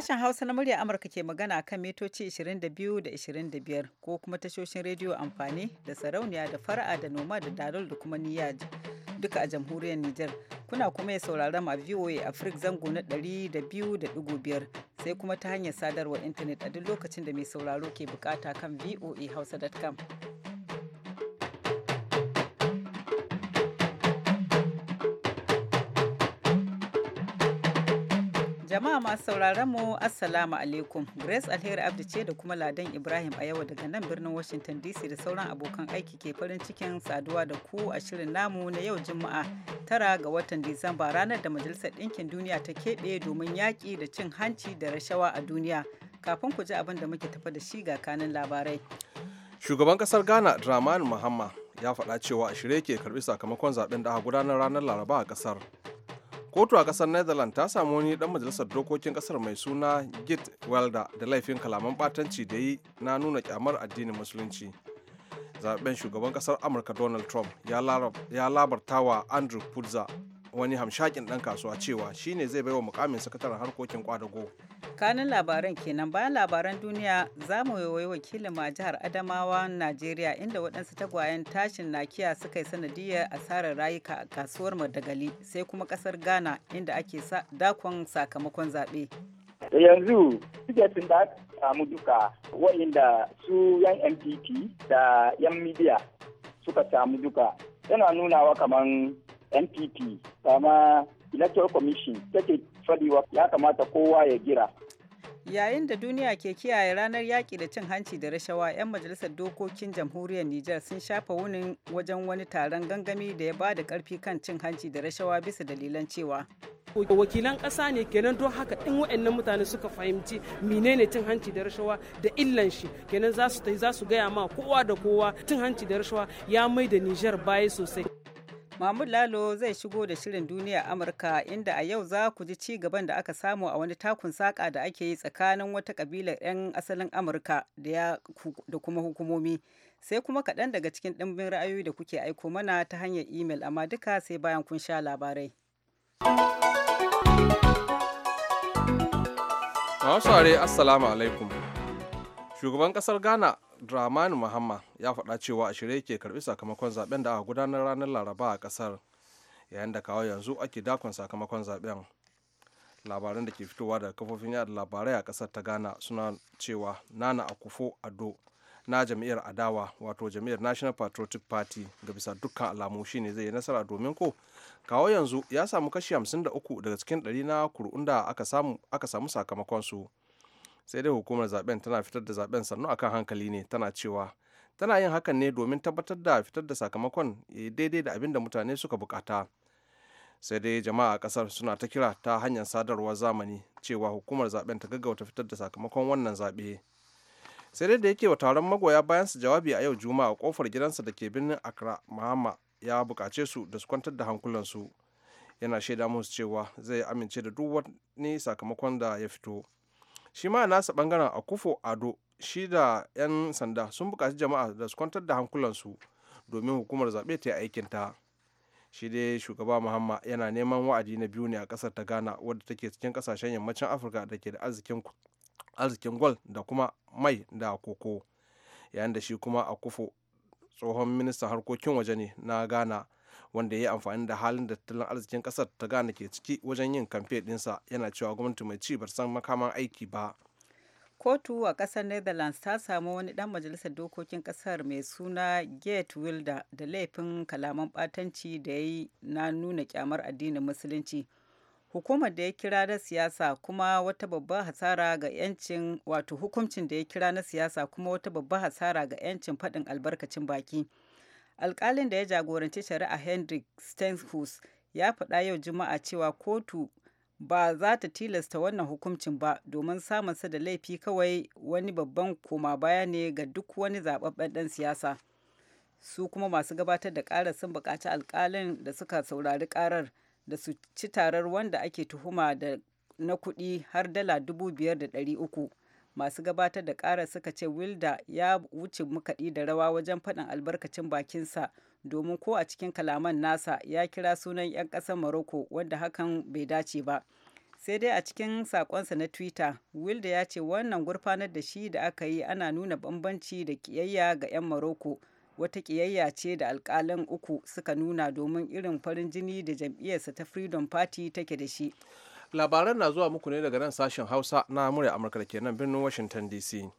Sashen Hausa na murya Amurka ke magana kan mitoci 22 da 25 ko kuma tashoshin rediyo amfani da sarauniya da fara'a da noma da dalol da kuma niyya duka a jamhuriyar Nijar. Kuna kuma ya saurara a VOA Africa zango na 200.5 sai kuma ta hanyar sadarwar intanet a duk lokacin da mai sauraro ke bukata kan voa voahausa.com. Jama'a masu sauraron mu Assalamu alaikum. Grace Alheri Abdi ce da kuma Ladan Ibrahim a yau daga nan birnin Washington DC da sauran abokan aiki ke farin cikin saduwa da ku a shirin namu na yau Juma'a tara ga watan Disamba ranar da Majalisar Ɗinkin Duniya ta keɓe domin yaƙi da cin hanci da rashawa a duniya. Kafin ku ji abin da muke tafa da shi ga kanin labarai. Shugaban kasar Ghana Dramani Mahama ya faɗa cewa a shirye ke karɓi sakamakon zaɓen da aka gudanar ranar Laraba a ƙasar. kotu a kasar netherlands ta samu wani dan majalisar dokokin kasar mai suna git welder da laifin kalaman batanci da yi na nuna kyamar addinin musulunci zaben shugaban kasar amurka donald trump ya labarta wa andrew pudza wani hamshakin dan kasuwa cewa shine zai baiwa mukamin sakataren harkokin kwadago kanin labaran kenan bayan labaran duniya za mu yi wakilin ma jihar adamawa najeriya inda waɗansu tagwayen tashin nakiya suka yi sanadiyar asarar rayuka a kasuwar madagali sai kuma ƙasar ghana inda ake dakon sakamakon zaɓe yanzu tiketin da aka samu duka wa'inda su yan mpp da yan midiya suka samu duka yana nunawa kamar npp kama electoral commission take faɗiwa ya kamata kowa ya gira yayin da duniya ke kiyaye ranar yaƙi da cin hanci da rashawa 'yan majalisar dokokin jamhuriyar nijar sun shafa wunin wajen wani taron gangami da ya ba da ƙarfi kan cin hanci da rashawa bisa dalilan cewa wakilan ƙasa ne kenan don haka in waɗannan mutane suka fahimci menene cin hanci da rashawa da illan shi kenan za za su gaya ma kowa da kowa cin hanci da rashawa ya mai da nijar baya sosai Mahmud Lalo zai shigo da shirin duniya Amurka inda a yau za ku ji ci gaban da aka samu a wani takun saƙa da ake yi tsakanin wata kabilar 'yan asalin Amurka da kuma hukumomi. Sai kuma kaɗan daga cikin ɗimbin ra'ayoyi da kuke aiko mana ta hanyar imel amma duka sai bayan kun sha labarai. Masu assalamu alaikum. Shugaban ƙasar Ghana Dramani Muhammad ya faɗa cewa a shirye ke karɓi sakamakon zaben da aka gudanar ranar Laraba a ƙasar yayin da kawo yanzu ake dakon sakamakon zaben. Labaran da ke fitowa daga kafofin yada labarai a ƙasar ta Ghana suna cewa Nana Akufo Ado na jam'iyyar adawa wato jam'iyyar National Patriotic Party ga bisa dukkan alamu ne zai yi nasara domin ko kawo yanzu ya samu kashi 53 daga cikin 100 na kur'un da aka samu sakamakon su. sai dai hukumar zaben tana fitar da zaben sannu akan hankali ne tana cewa tana yin hakan ne domin tabbatar da fitar da sakamakon ya daidai da abin da mutane suka bukata sai dai jama'a a kasar suna ta kira ta hanyar sadarwar zamani cewa hukumar zaben ta gaggauta fitar da sakamakon wannan zaɓe sai dai da yake wa taron magoya bayan su jawabi a yau juma'a kofar gidansa da ke birnin accra mahama ya bukace su da su kwantar da hankulansu yana shaida musu cewa zai amince da duk wani sakamakon da ya fito shi ma nasa bangaren kufo ado shi da 'yan sanda sun bukaci jama'a da su kwantar da hankulansu domin hukumar zaɓe ta yi aikinta shi dai shugaba muhamma yana neman wa'adi na biyu ne a ƙasar ta ghana wadda take cikin ƙasashen yammacin afirka da ke da arzikin gwal da kuma mai da koko yayin da shi kuma a kufo tsohon ministan harkokin waje ne na ghana wanda ya yi amfani da halin da tattalin arzikin kasar ta gane ke ciki wajen yin kamfe dinsa yana cewa gwamnati mai ci bar san makaman aiki ba kotu a kasar netherlands ta samu wani dan majalisar dokokin kasar mai suna gate wilder da laifin kalaman batanci da ya yi na nuna kyamar addinin musulunci hukumar da ya kira na siyasa kuma wata babbar hasara ga yancin wato hukuncin da ya kira na siyasa kuma wata babbar hasara ga yancin faɗin albarkacin baki alkalin da ya jagoranci shari'a henry stenhouse ya faɗa yau juma'a cewa kotu ba za ta tilasta wannan hukuncin ba domin samunsa da laifi kawai wani babban koma baya ne ga duk wani zababben ɗan siyasa su kuma masu gabatar da ƙarar sun buƙaci alkalin da suka saurari ƙarar da su ci tarar wanda ake tuhuma da na kuɗi har dala dubu biyar da ɗari uku masu gabatar da kara suka ce wilda ya wuce makaɗi da rawa wajen faɗin albarkacin bakinsa domin ko a cikin kalaman nasa ya kira sunan 'yan ƙasar morocco wanda hakan bai dace ba sai dai a cikin saƙonsa na twitter wilda ya ce wannan gurfanar da shi da aka yi ana nuna bambanci da kiyayya ga 'yan morocco wata kiyayya ce da alkalan uku suka nuna domin irin farin jini da jam'iyyarsa ta freedom party take da shi labaran na zuwa muku ne daga nan sashen hausa na murya amurka da ke nan birnin washington dc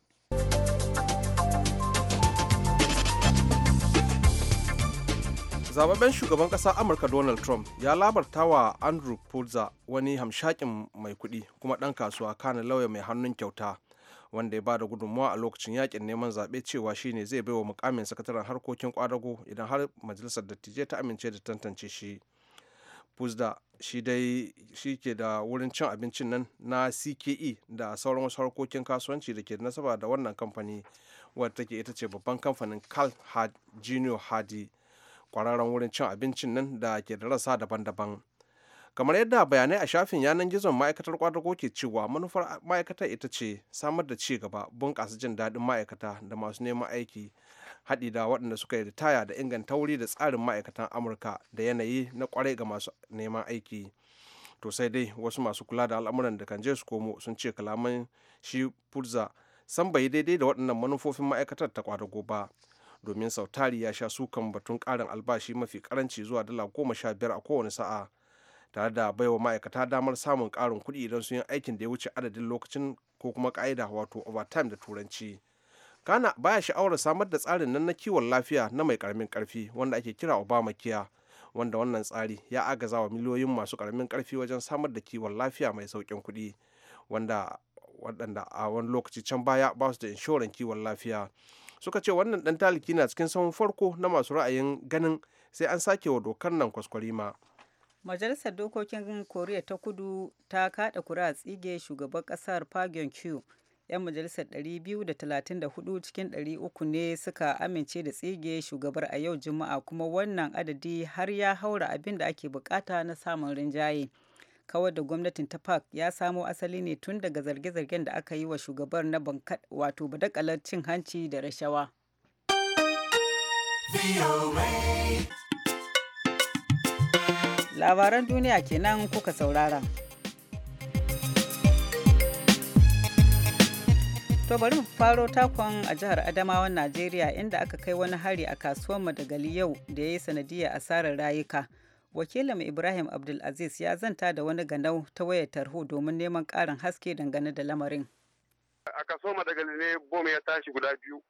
zababben shugaban kasa amurka donald trump ya labarta wa andrew pulitzer wani hamshakin mai kuɗi kuma ɗan kasuwa kana lauya mai hannun kyauta wanda ya bada gudunmuwa a lokacin yakin neman zaɓe cewa shine zai bai wa mukamin sakataren harkokin kwadago idan har majalisar dattijai ta amince da tantance shi puzda shi dai shi ke da wurin cin abincin nan na cke da sauran wasu harkokin kasuwanci da ke nasara nasaba da wannan kamfani wadda take ita ce babban kamfanin carl junior hardy kwararren wurin cin abincin nan da ke da rasa daban-daban kamar yadda bayanai a shafin yanar gizon ma'aikatar kwadago ke cewa manufar ma'aikata ita ce samar da ci gaba bunƙasa jin daɗin ma'aikata da masu neman aiki haɗi da waɗanda suka yi ritaya da inganta wuri da tsarin ma'aikatan amurka da yanayi na kwarai ga masu neman aiki to sai dai wasu masu kula da al'amuran da kan je su komo sun ce kalaman shi pulza san bai daidai da waɗannan manufofin ma'aikatar ta kwadago ba domin sautari ya sha sukan batun ƙarin albashi mafi karanci zuwa dala goma sha biyar a kowane sa'a tare da baiwa ma'aikata damar samun ƙarin kuɗi idan sun yi aikin da ya wuce adadin lokacin ko kuma ka'ida wato overtime da turanci kana baya sha'awar samar da tsarin nan na kiwon lafiya na mai karamin karfi wanda ake kira kiya wanda wannan tsari ya agaza wa miliyoyin masu karamin karfi wajen samar da kiwon lafiya mai saukin kuɗi wanda waɗanda a wani lokaci can baya ba su da inshoran kiwon lafiya suka ce wannan dan taliki na cikin sahun farko na masu ra'ayin ganin sai an sake wa dokar nan kwaskwarima majalisar dokokin koriya ta kudu ta kaɗa kura tsige shugaban ƙasar pagyon geun 'yan majalisar 234 cikin 300 ne suka amince da tsige shugabar a yau juma'a kuma wannan adadi har ya haura abin da ake bukata na samun rinjaye kawar da gwamnatin ta park ya samo asali ne tun daga zarge-zargen da aka yi wa shugabar na bankat wato badakalar cin hanci da rashawa labaran duniya kenan kuka saurara. To bari mu faro takon a jihar Adamawan Najeriya inda aka kai wani hari a kasuwar Madagali yau da ya yi sanadiyar asarar rayuka. Wakilin Ibrahim Abdulaziz ya zanta da wani ganau ta wayar tarho domin neman ƙarin haske dangane da lamarin. A kasuwar Madagali ne bom ya tashi guda biyu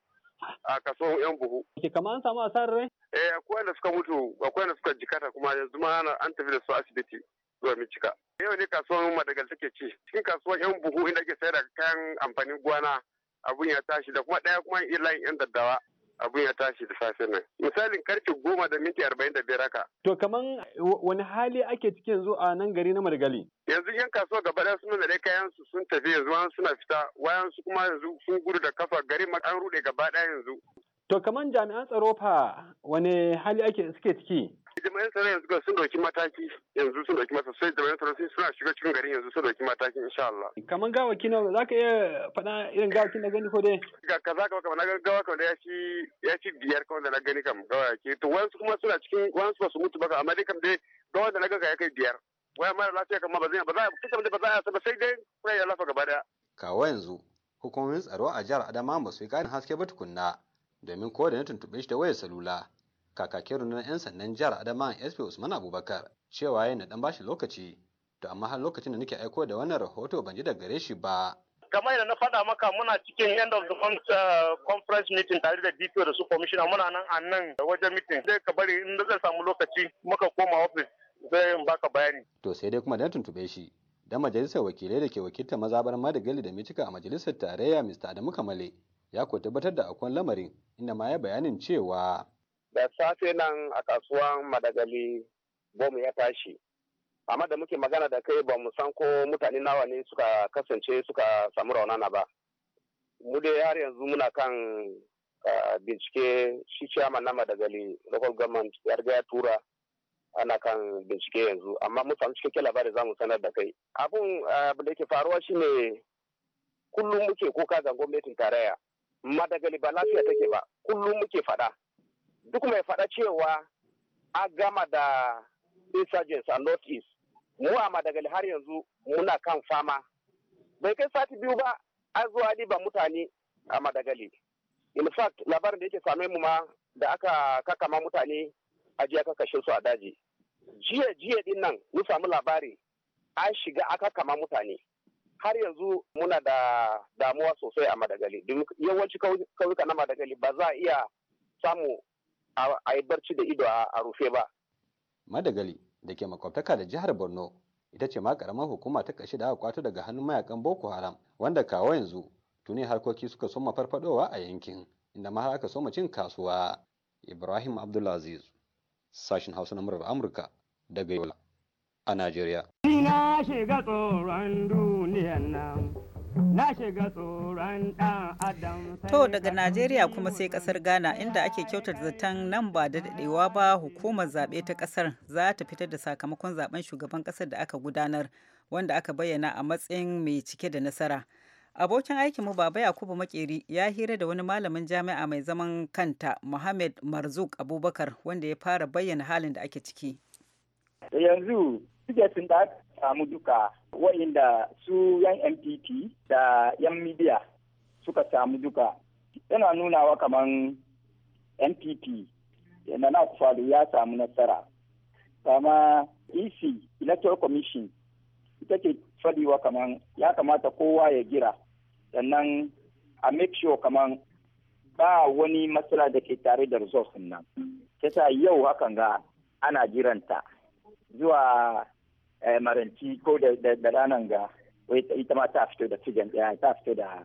a kasuwar yan buhu. Ke kama an samu asarar rai? Eh akwai wanda suka mutu akwai da suka jikata kuma yanzu ma an tafi da su asibiti. zuwa Michika. Yau ne kasuwar Madagal take ci. Cikin kasuwar 'yan buhu inda ake sayar da kayan amfanin gona abun ya tashi da kuma ɗaya kuma layin 'yan daddawa. abun ya tashi da safe nan misalin karfe goma da minti arba'in da biyar haka. to kaman wani hali ake cikin yanzu a nan gari na margali yanzu yan kasuwa gaba ɗaya suna da kayan su sun tafi yanzu an suna fita wayan su kuma yanzu sun gudu da kafa gari ma an rude gaba ɗaya yanzu. to kaman jami'an tsaro fa wani hali ake suke ciki. jami'an tsaro yanzu ga sun dauki mataki yanzu sun dauki masa sai jami'an tsaro sun suna shiga cikin gari yanzu sun dauki mataki insha Allah kaman gawaki nawa za ka iya faɗa irin gawakin na gani ko dai ga kaza ka kamar na gawa kamar ya ci ya ci biyar kamar da na gani kam gawaki to wasu kuma suna cikin wasu ba su mutu ba amma dai kam dai gawa da na ga ya kai biyar waya mara lafiya kamar ba zai ba za a ba za a yasa ba sai dai kuma ya lafa gaba daya kawo yanzu hukumomin tsaro a jihar Adamawa ba su yi ƙarin haske ba tukunna domin ko da na tuntuɓe shi da wayar salula kakakin rundunar 'yan sandan jihar adama sp usman abubakar cewa yana dan bashi lokaci to amma har lokacin da nake aiko da wannan rahoto ban ji daga shi ba kamar yadda na faɗa maka muna cikin end of the month uh, conference meeting tare da DPO da su commissioner muna nan a nan wajen meeting zai ka bari in zai samu lokaci muka koma office zai baka bayani to sai dai kuma dan tuntube shi dan majalisar wakilai da ke wakiltar mazabar madagali da Mitika a majalisar tarayya Mr. Adamu Kamale ya ko tabbatar da akwai lamarin inda ma ya bayanin cewa da safe nan a kasuwan madagali bom ya tashi amma da muke magana da kai ba mu san ko mutane nawa ne suka kasance suka samu raunana ba mu dai har yanzu muna kan ah, bincike shi chairman na madagali local government ya riga ya tura ana kan bincike yanzu amma mu samu cikakken labari za mu sanar da kai abun ah, da yake faruwa shine kullum muke kuka ga gwamnatin tarayya madagali ba lafiya take ba kullum muke faɗa duk mai faɗa cewa a gama da insurgents a north east mu a madagali har yanzu muna kan fama bai kai sati biyu ba a zuwa ba mutane a madagali in fact labarin da yake same mu ma da aka kakama mutane a jiya ka kashe su a daji jiya jiya din nan mun samu labari an shiga aka kama mutane har yanzu muna da damuwa sosai a madagali yawanci kauyuka na madagali ba za a iya samu a yi barci da ido a rufe ba. Madagali da ke makwabtaka da jihar Borno ita ce ma karamar hukuma ta kashe da aka kwato daga hannun mayakan Boko Haram wanda kawo yanzu tuni harkoki suka soma farfadowa a yankin inda ma har aka soma cin kasuwa. Ibrahim Abdulaziz sashin Hausa na murar Amurka daga Yola a Najeriya. Ina shiga tsoron duniyan nan. Na shiga tsoron ɗan Adam. To daga Najeriya kuma sai kasar Ghana inda ake kyautar zaton nan ba da daɗewa ba hukumar zaɓe ta ƙasar za ta fitar da sakamakon zaben shugaban ƙasar da aka gudanar wanda aka bayyana a matsayin mai cike da nasara. Abokin aikin mu Baba Yakubu Makeri ya hira da wani malamin jami'a mai zaman kanta Muhammad Marzuk Abubakar wanda ya fara bayyana halin da ake ciki. Yanzu samu duka wa'inda su yan mpp da yan midiya suka samu duka yana nunawa kaman mpp na na kufalu ya samu nasara kama ec electoral commission ita ce fadiwa kaman ya kamata kowa ya gira sannan a make sure kaman ba wani matsala da ke tare da resource nan. Kisa yau hakan ga ana jiranta zuwa Eh, maranci ko da ranar ga ita ma ta fito da cigan ɗaya ta fito da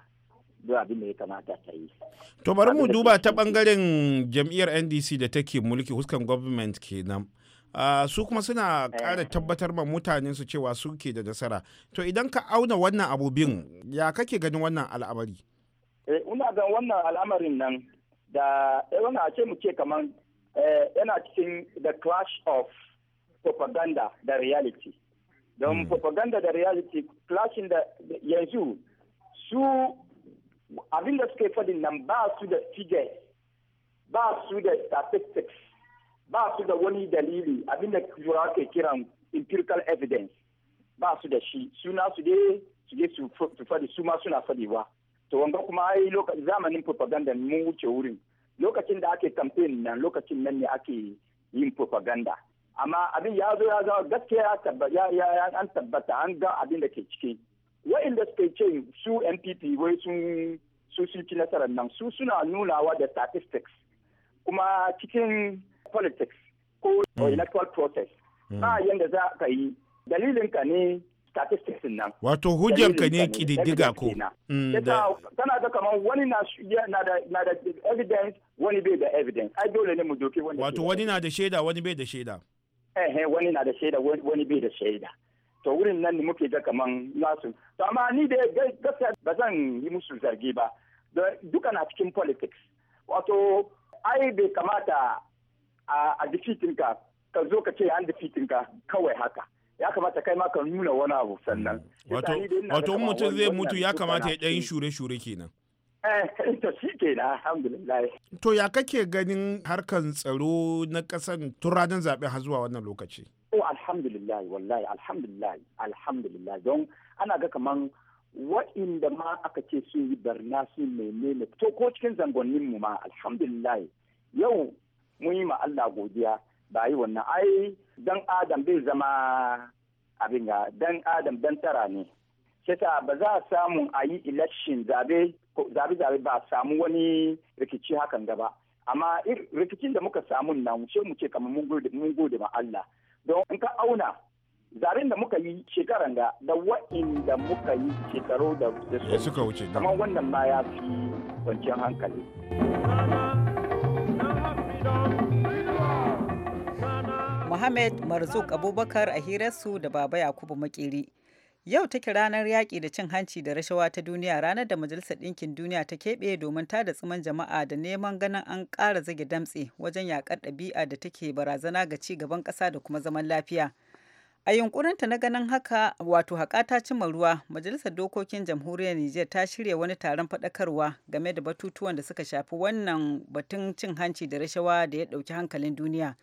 duk abin da ya kamata ta yi. To bari mu duba ta bangaren jam'iyyar NDC da take mulki huskan government kenan. Uh, su kuma suna eh. ƙara tabbatar ma mutanen su cewa suke da nasara to idan ka auna wannan abubin ya kake ganin wannan al'amari eh ina ga wannan al'amarin nan da eh wannan a ce mu kaman eh, yana cikin the clash of propaganda da reality don hmm. propaganda da reality clashing da yanzu su abinda suke fadin nan ba su da figure ba su da statistics ba su da wani dalili abinda turawa ke kiran empirical evidence ba su da shi suna su dai su je su fadi su ma suna fadi ba to wanga kuma ai lokacin zamanin propaganda mun wuce wurin lokacin da ake campaign nan lokacin nan ne ake yin propaganda amma abin ya zo ya zama gaskiya ya an tabbata an ga abin da ke ciki wa'inda suka ce su npp wai sun su sun ci nasarar nan su suna nunawa da statistics kuma cikin politics ko hmm. electoral process hmm. ba yanda za ka yi dalilin ka ne statistics nan wato hujjar ka ne kididdiga ko tana hmm, da kamar wani na da evidence wani bai da evidence ai dole ne mu doke wani wato wani na da shaida wani bai da shaida ehe wani na da shaida wani bai da shaida to wurin nan ne muke ga kaman nasu to amma ni da gaskiya ba zan yi musu zargi ba duka na cikin politics wato ai bai kamata a defeatin ka ka zo ka ce an defeatin ka kawai haka ya kamata kai ma ka nuna wani abu sannan mm. wato mutum zai mutu ya kamata ya ɗan shure-shure kenan Eh, to shi ke na alhamdulillah. To ya kake ganin harkar tsaro na ƙasan turanen zaɓe har zuwa wannan lokaci? Oh alhamdulillah wallahi alhamdulillah alhamdulillah don ana ga kaman wa'inda ma aka ce sun yi barna su menene to ko cikin zangonnin mu ma alhamdulillah yau mun yi ma Allah godiya ba yi wannan ai dan adam bai zama abin ga dan adam dan tara ne. Sai ba za a samu a yi election zabe zabe-zabe ba samu wani rikici hakan gaba amma rikicin da muka samu nan muce mu ce kamar mun gode ma Allah don in ka auna zabin da muka yi shekaran da da da muka yi shekaru da suka wuce kamar wannan ma ya fi kwanciyar hankali mohammed Marzuk Abubakar a hirarsu da Baba Yakubu Makeri. Yau take ranar yaƙi da cin hanci da rashawa ta duniya ranar da Majalisar Ɗinkin Duniya ta keɓe domin da tsiman jama'a da neman ganin an ƙara zage damtse wajen yaƙar ɗabi'a da take barazana ga ci gaban ƙasa da kuma zaman lafiya. A yunƙurinta na ganin haka wato haƙa ta cimma ruwa, Majalisar Dokokin Jamhuriyar Nijar ta shirya wani taron faɗakarwa game da batutuwan da suka shafi wannan batun cin hanci da rashawa da ya ɗauki hankalin duniya.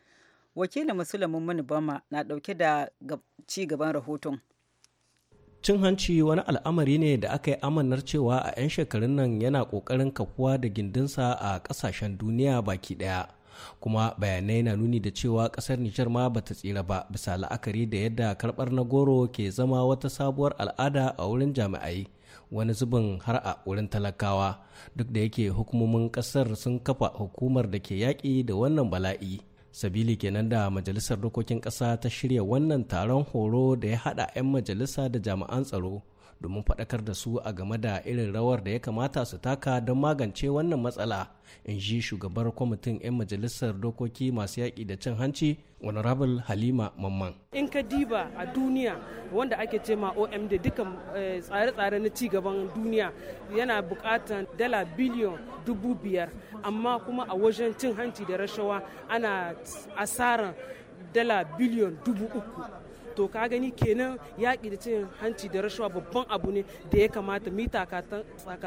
Wakilin Musulmin Muni Bama na ɗauke da ci gaban rahoton. cin hanci wani al'amari ne da aka yi amanar cewa a 'yan shekarun nan yana ƙoƙarin kafuwa da gindinsa a ƙasashen duniya baki ɗaya kuma bayanai na nuni da cewa ƙasar nijar ma bata tsira ba bisa la'akari da yadda karɓar na goro ke zama wata sabuwar al'ada a wurin jami'ai wani zubin har a wurin talakawa duk da yake hukumomin ƙasar sun kafa hukumar da ke yaƙi da wannan bala'i sabili kenan da majalisar dokokin ƙasa ta shirya wannan taron horo da ya haɗa 'yan majalisa da jami'an tsaro domin faɗakar da su a game da irin rawar da ya kamata su taka don magance wannan matsala in ji shugabar kwamitin 'yan majalisar dokoki masu yaƙi da cin hanci honorable halima mamman in ka diba a duniya wanda ake ce ma omd dukkan eh, tsare-tsare na ci gaban duniya yana buƙatar dala biliyon dubu biyar amma kuma a wajen cin hanci da rashawa ana asaran dala biliyon dubu uku to ka gani kenan yaƙi da cin hanci da rashawa babban abu ne da ya kamata mu taka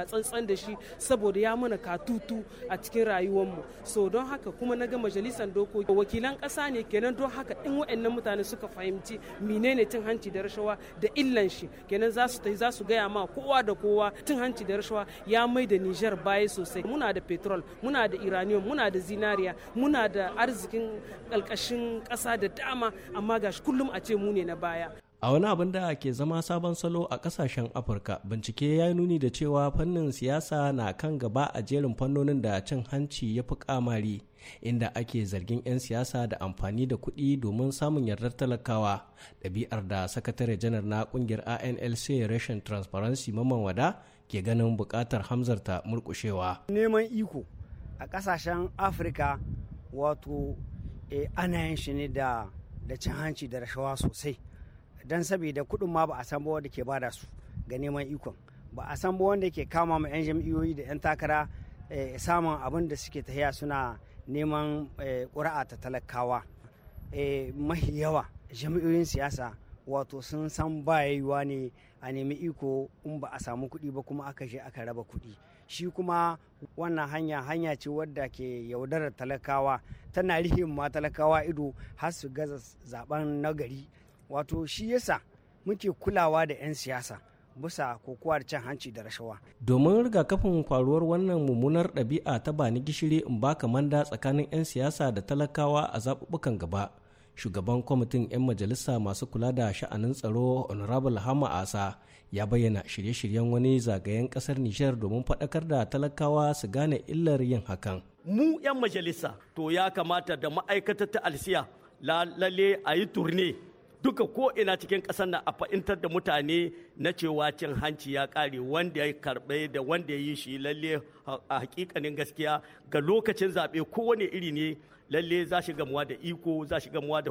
tsantsan da shi saboda ya mana katutu a cikin rayuwarmu so don haka kuma na ga majalisar dokoki wakilan ƙasa ne kenan don haka in waɗannan mutane suka fahimci menene cin hanci da rashawa da illan shi kenan za su za su gaya ma kowa da kowa cin hanci da rashawa ya mai da Nijar baya sosai muna da petrol muna da iranium muna da zinariya muna da arzikin ƙalƙashin ƙasa da dama amma gashi kullum a ce mu ne na baya a wani abin da ke zama sabon salo a kasashen afirka bincike ya nuni da cewa fannin siyasa na kan gaba a jerin fannonin da cin hanci ya fi kamari inda ake zargin 'yan siyasa da amfani da kuɗi domin samun yardar talakawa ɗabi'ar da sakatare janar na ƙungiyar anlc rashin transparency maman wada ke ganin buƙatar hamzarta murƙushewa neman iko a kasashen afirka wato eh, ana yin shi ne da da cin hanci da rashawa sosai don saboda kudin ma ba a san ba wanda ke bada su ga neman ikon ba a san ba wanda ke kama ma 'yan jam'iyyoyi da 'yan takara eh, samun abin da suke tahiya suna neman eh, ƙura'a ta talakawa eh, mahi yawa jam'iyyoyin siyasa wato sun san ba ne a nemi iko in ba a samu kuɗi ba kuma aka je aka raba kuɗi shi kuma wannan hanya hanya ce wadda ke yaudarar talakawa tana rihin ma talakawa ido har su gaza zaben nagari wato shi yasa muke kulawa da 'yan siyasa bisa kokuwar cin hanci da rashawa. Domin rigakafin faruwar wannan mummunar ɗabi'a ta bani gishiri in baka manda tsakanin 'yan siyasa da talakawa a zaɓuɓɓukan gaba. shugaban kwamitin 'yan majalisa masu kula da sha'anin tsaro honorable hama asa ya bayyana shirye-shiryen wani zagayen kasar nijar domin faɗakar da talakawa su gane illar yin hakan mu 'yan majalisa to ya kamata da ma'aikatar ta alsiya lalle a yi turne duka ko ina cikin ƙasar na a fa'intar da mutane na cewa cin hanci ya ƙare wanda ya karɓe da wanda ya yi shi lalle a hakikanin gaskiya ga lokacin zaɓe kowane iri ne lalle za shi gamuwa da iko za shi gamuwa da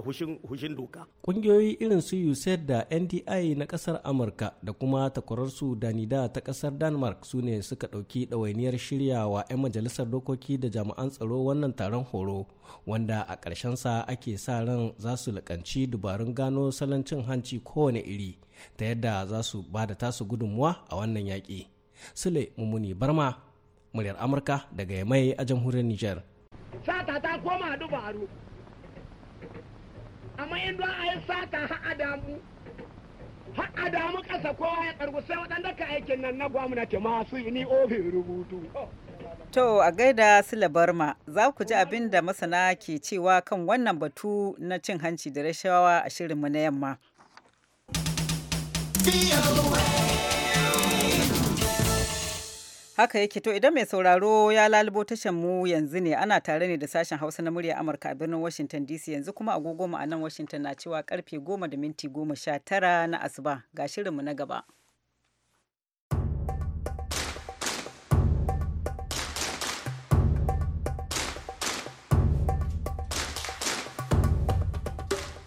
hushin doka. Kungiyoyi irin su USAID da NDI na kasar Amurka da kuma takwararsu Danida ta kasar Denmark su ne suka ɗauki ɗawainiyar shirya wa 'yan majalisar dokoki da jami'an tsaro wannan taron horo wanda a ƙarshensa ake sa ran za su lakanci dubarun gano salon cin hanci kowane iri ta yadda za su ba da tasu gudunmuwa a wannan yaki Sule Mumuni Barma, muryar Amurka daga Yamai a jamhuriyar Nijar. sata ta koma dubaru amma in don a yi sata har adamu har adamu kasa kowa ya kargo sai waɗanda ka aikin nan na gwamnati masu ni ofin rubutu To a gaida Sila Barma za ku ji abin da masana ke cewa kan wannan batu na cin hanci da rashawa a shirin mu na yamma. Haka yake to idan mai sauraro ya lalubo tashan mu yanzu ne ana tare ne da sashen Hausa na murya Amurka a birnin Washington DC yanzu kuma agogo a nan Washington na cewa karfe goma da minti goma sha tara na asuba ga shirinmu na gaba.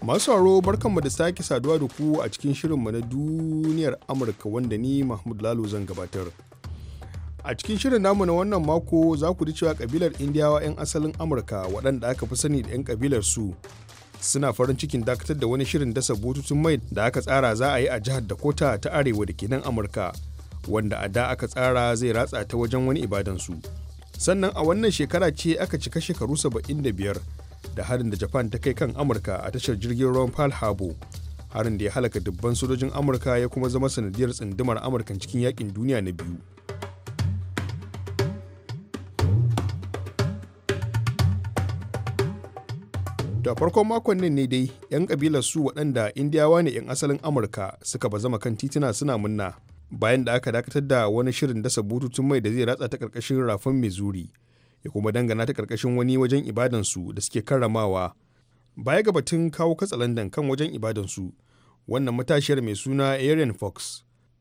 Masu haro barkanmu da sake saduwa da ku a cikin shirinmu na duniyar Amurka wanda ni Mahmud Lalo zan gabatar. A cikin shirin namu na wannan mako za ku ji cewa kabilar Indiyawa 'yan asalin Amurka waɗanda aka fi sani da 'yan kabilar su suna farin cikin dakatar da wani shirin dasa bututun mai da aka tsara za a yi a jihar Dakota ta arewa da kenan Amurka wanda a da aka tsara zai ratsa ta wajen wani ibadansu. Sannan a wannan shekara ce aka cika shekaru 75 da harin da Japan ta kai kan Amurka a tashar jirgin ruwan Pearl Harbor. Harin da ya halaka dubban sojojin Amurka ya kuma zama sanadiyar tsindimar Amurkan cikin yakin duniya na biyu. da farkon makon nan ne dai 'yan kabilar su waɗanda indiyawa ne 'yan asalin amurka suka bazama kan titina suna munna bayan da aka dakatar da wani shirin dasa bututun mai da zai ratsa ta karkashin rafin missouri ya kuma dangana ta karkashin wani wajen ibadan su da suke karramawa baya ga batun kawo katsalandan kan wajen su wannan matashiyar mai suna arian fox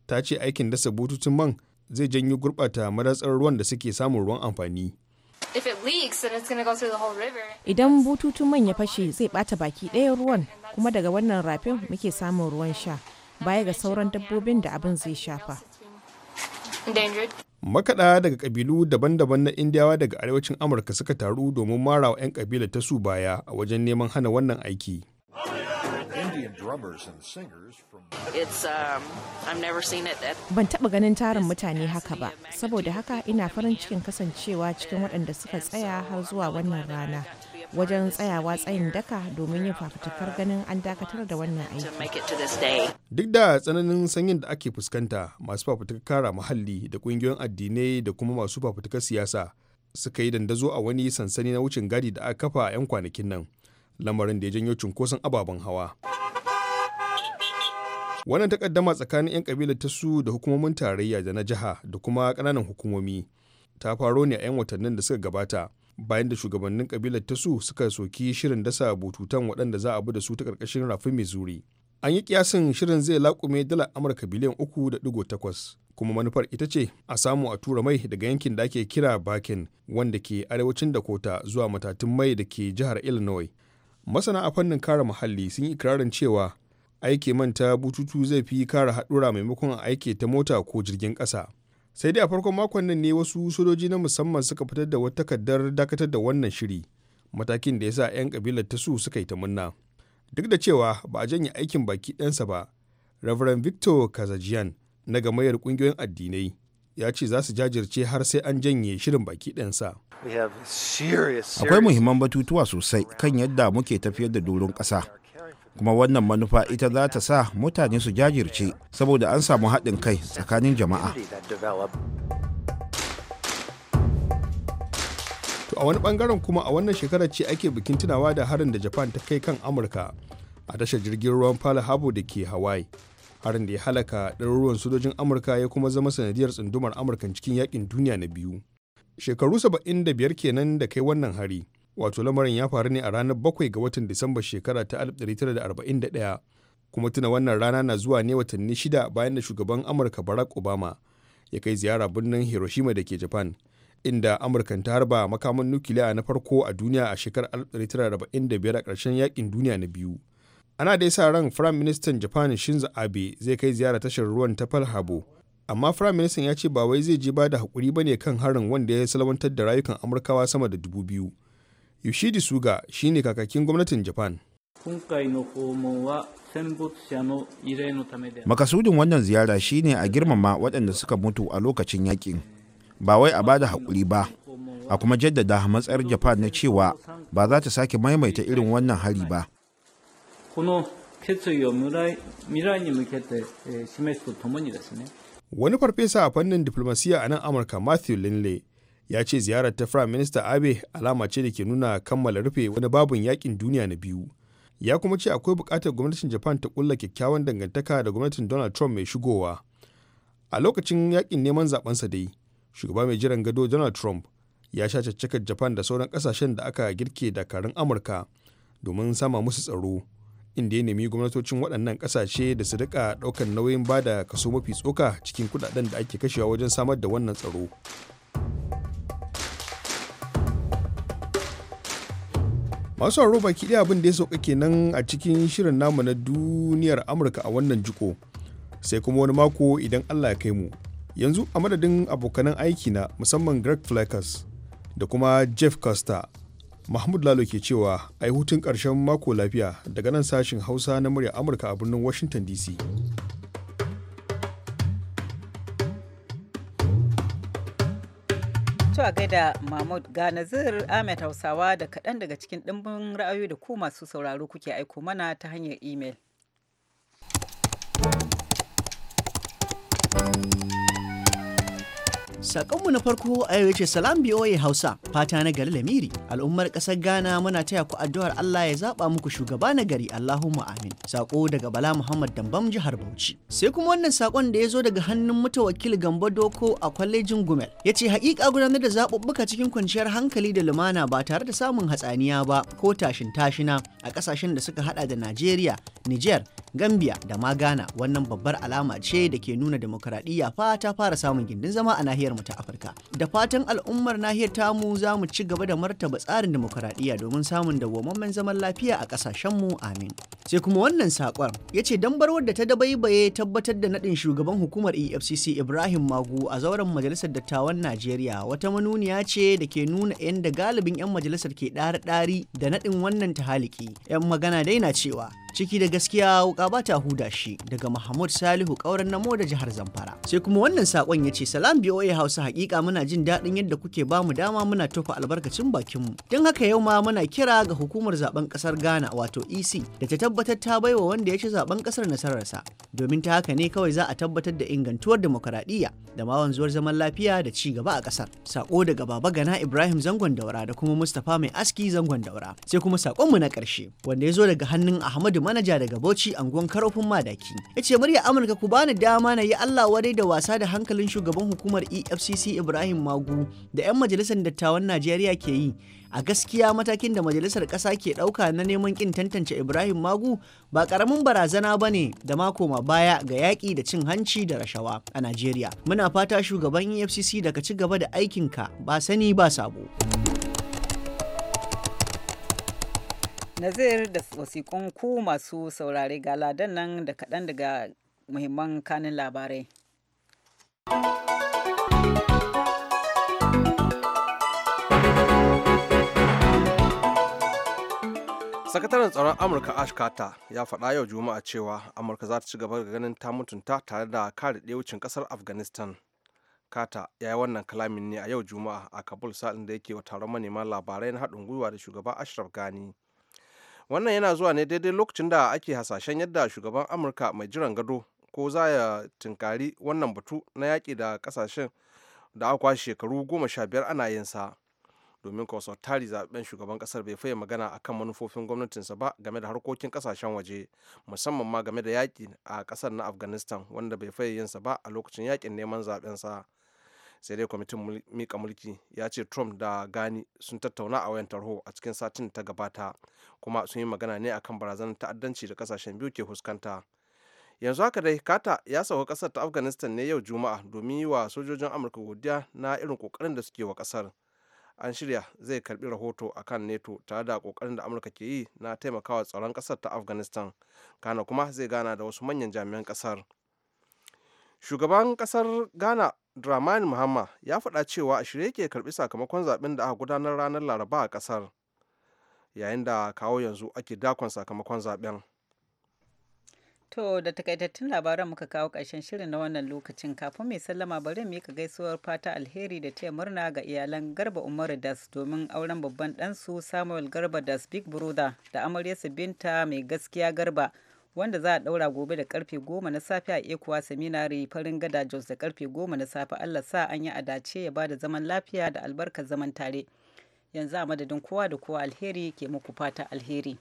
ta ce aikin dasa bututun man zai janyo gurɓata madatsar ruwan da suke samun ruwan amfani Idan bututun manya fashe zai bata baki ɗaya ruwan kuma daga wannan rafin muke samun ruwan sha baya ga sauran dabbobin da abin zai shafa. Makaɗa daga ƙabilu daban-daban na Indiyawa daga arewacin Amurka suka taru domin marawa 'yan ƙabila ta su baya a wajen neman hana wannan aiki. Canadian drummers and singers from It's um I've never seen it that Ban taba ganin tarin mutane haka ba saboda haka ina farin cikin kasancewa cikin waɗanda suka tsaya har zuwa wannan rana wajen tsayawa tsayin daka domin yin fafutukar ganin an dakatar da wannan aiki. Duk da tsananin sanyin da ake fuskanta masu fafutukar kara muhalli da kungiyoyin addinai da kuma masu fafutukar siyasa suka yi dandazo a wani sansani na wucin gadi da aka kafa a 'yan kwanakin nan lamarin da ya janyo cunkoson ababen hawa. wannan takaddama tsakanin 'yan kabilar ta su da hukumomin tarayya da na jiha da kuma ƙananan hukumomi ta faro ne a 'yan watannin da suka gabata bayan da shugabannin kabilar ta su suka soki shirin dasa bututan waɗanda za a bi da su ta ƙarƙashin rafin Mezuri. an yi kiyasin shirin zai laƙume dalar amurka biliyan uku da digo takwas kuma manufar ita ce a samu a tura mai daga yankin da ake kira bakin wanda ke arewacin da dakota zuwa matatun mai da ke jihar illinois masana a fannin kare muhalli sun yi ikirarin cewa aike manta bututu zai fi kara haɗura maimakon aiki ta mota ko jirgin ƙasa sai dai a farkon makon nan ne wasu sojoji na musamman suka fitar da wata takardar dakatar da wannan shiri matakin da ya sa 'yan kabilar ta su suka yi ta munna duk da cewa ba a janye aikin baki ɗansa ba reverend victor kazajian na ga mayar ƙungiyoyin addinai ya ce za su jajirce har sai an janye shirin baki ɗansa akwai muhimman batutuwa sosai kan yadda muke tafiyar da doron ƙasa kuma wannan manufa ita za ta sa mutane su jajirce saboda an samu haɗin kai tsakanin jama'a to a wani bangaren kuma a wannan shekarar ce ake bikin tunawa da harin da japan ta kai kan amurka a tashar jirgin ruwan pearl harbor da ke hawaii harin da ya halaka ɗaruruwan sojojin amurka ya kuma zama sanadiyar tsundumar amurkan cikin yakin duniya na biyu shekaru saba'in da biyar kenan da kai wannan hari wato lamarin ya faru ne a ranar 7 ga watan disamba shekara ta 1941 kuma tuna wannan rana na zuwa ne watanni shida bayan da shugaban amurka barack obama ya kai ziyara birnin hiroshima da ke japan inda amurka ta harba makaman nukiliya na farko a duniya a shekarar 1945 a ƙarshen yakin duniya na biyu ana dai sa ran firayim ministan japan shinzo abe zai kai ziyara tashar ruwan ta pearl amma firayim ministan ya ce ba wai zai je ba da haƙuri ba ne kan harin wanda ya salwantar da rayukan amurkawa sama da dubu biyu Yoshidi Suga shine kakakin gwamnatin Japan. Makasudin wannan ziyara shine a girmama waɗanda suka mutu a lokacin yakin, ba wai a bada haƙuri ba, a kuma jaddada matsayar Japan na cewa ba za ta sake maimaita irin wannan hari ba. Eh, Wani farfesa a fannin diplomasiya a nan Amurka Matthew Lindley ya ce ziyarar ta Prime Minister Abe alama ce da ke nuna kammala rufe wani babin yakin duniya na biyu. Ya kuma ce akwai bukatar gwamnatin Japan ta ƙulla kyakkyawan dangantaka da gwamnatin Donald Trump mai shigowa. A lokacin yakin neman sa dai, shugaba mai jiran gado Donald Trump ya sha caccakar Japan da sauran ƙasashen da aka girke dakarun Amurka domin sama musu tsaro. inda ya nemi gwamnatocin waɗannan ƙasashe da su rika ɗaukar nauyin ba da kaso mafi tsoka cikin kuɗaɗen da ake kashewa wajen samar da wannan tsaro. masu haro baki ɗaya abin da ya sauka kenan a cikin shirin namu na duniyar amurka a wannan jiko sai kuma wani mako idan allah ya kai mu yanzu a madadin abokanan aiki na musamman greg flakers da kuma jeff costa mahmud lalo ke cewa a yi hutun ƙarshen mako lafiya daga nan sashin hausa na murya amurka a birnin washington dc To a gaida Mahmud ga Nazir Ahmed Hausawa da kaɗan daga cikin ɗimbin ra'ayoyi da ku masu sauraro kuke aiko mana ta hanyar imel. Sakonmu na farko a yau yace salam BOA Hausa fata na gari Lamiri al'ummar ƙasar Ghana muna taya ku addu'ar Allah ya zaɓa muku shugaba na gari Allahumma amin. Sako daga Bala Muhammad Dambam jihar Bauchi. Sai kuma wannan sakon da ya zo daga hannun mutawakil Gambo Doko a kwalejin Gumel Ya ce haƙiƙa gudanar da zaɓuɓɓuka cikin kwanciyar hankali da lumana ba tare da samun hatsaniya ba ko tashin tashina a ƙasashen da suka hada da Najeriya, Niger, gambia da ma ghana wannan babbar alama ce da ke nuna dimokuraɗiyya fa ta fara samun gindin zama a nahiyar mu ta afirka da fatan al'ummar nahiyar mu za mu ci gaba da martaba tsarin dimokuraɗiyya domin samun dawwammamen zaman lafiya a mu amin sai kuma wannan sakon ya ce barwar da ta dabaibaye tabbatar da naɗin shugaban hukumar efcc ibrahim magu a zauren majalisar dattawan najeriya wata manuniya ce da ke nuna yadda galibin 'yan majalisar ke ɗari-ɗari da naɗin wannan tahaliki 'yan magana daina cewa ciki da gaskiya wuka ba ta huda shi daga Mahmud Salihu kauran namo da jihar Zamfara. Sai kuma wannan sakon ya ce salam BOA Hausa hakika muna jin daɗin yadda kuke ba mu dama muna tofa albarkacin bakin mu. Don haka yau ma muna kira ga hukumar zaben kasar Ghana wato EC da ta tabbatar ta baiwa wanda ya ci zaben kasar nasararsa domin ta haka ne kawai za a tabbatar da ingantuwar demokaradiyya da ma wanzuwar zaman lafiya da ci gaba a kasar. Sako daga Baba Gana Ibrahim Zangon Daura da kuma Mustapha Mai Aski Zangon Daura. Sai kuma sakonmu na ƙarshe wanda ya zo daga hannun Ahmadu manaja daga Bauchi anguwan karofin madaki. yace ce murya Amurka ku bani dama na yi Allah wadai da wasa da hankalin shugaban hukumar EFCC Ibrahim Magu da 'yan majalisar dattawan Najeriya ke yi. A gaskiya matakin da majalisar ƙasa ke ɗauka na neman kin tantance Ibrahim Magu ba ƙaramin barazana ba ne da mako ma baya ga yaki da cin hanci da rashawa a Najeriya. Muna fata shugaban EFCC daga ci gaba da aikinka ba sani ba sabo. Nazir da wasikun ku masu saurare ga ladan nan da kaɗan daga muhimman kanin labarai. sakataren tsaron amurka ash carter ya faɗa yau juma'a cewa amurka za ta ci gaba da ganin ta mutunta tare da kare ɗewucin ƙasar afghanistan Kata ya yi wannan kalamin ne a yau juma'a a kabul sa'in da yake wa taron manema labarai na haɗin gwiwa da shugaba ashraf ghani wannan yana zuwa ne daidai lokacin da ake hasashen yadda shugaban amurka mai jiran gado ko za ya tunkari wannan batu na yaƙi da ƙasashen da aka shekaru goma sha biyar ana yin sa domin kawo tari zaɓen shugaban ƙasar bai faye magana a kan manufofin gwamnatinsa ba game da harkokin ƙasashen waje musamman ma game da yaƙi a ƙasar na afghanistan wanda bai faye yinsa ba a lokacin yaƙin neman zaɓensa sai dai kwamitin mika mulki ya ce trump da gani sun tattauna a wayan tarho a cikin satin ta gabata kuma sun yi magana ne akan barazanar ta'addanci da kasashen biyu ke fuskanta yanzu haka dai kata ya sauka kasar ta afghanistan ne yau juma'a domin yi wa sojojin amurka godiya na irin kokarin da suke wa kasar an shirya zai karbi rahoto akan neto tare da kokarin da amurka ke yi na taimakawa tsaron kasar ta afghanistan kana kuma zai gana da wasu manyan jami'an kasar shugaban kasar ghana Dramani Mahama ya faɗa cewa a shirye yake karɓi sakamakon zaɓen da aka gudanar ranar Laraba a ƙasar yayin da kawo yanzu ake dakon sakamakon zaɓen. To da takaitattun labaran muka kawo ƙarshen shirin na wannan lokacin kafin mai sallama bari mu yi ka gaisuwar fata alheri da taya murna ga iyalan Garba Umaru Das domin auren babban ɗansu Samuel Garba Das Big Brother da amaryarsa Binta mai gaskiya Garba. wanda za a daura gobe da karfe goma na safe a ekuwa seminary farin gada jos da karfe goma na safe allah sa an yi adace ya bada zaman lafiya da albarkar zaman tare yanzu a madadin kowa da kowa alheri ke muku fata alheri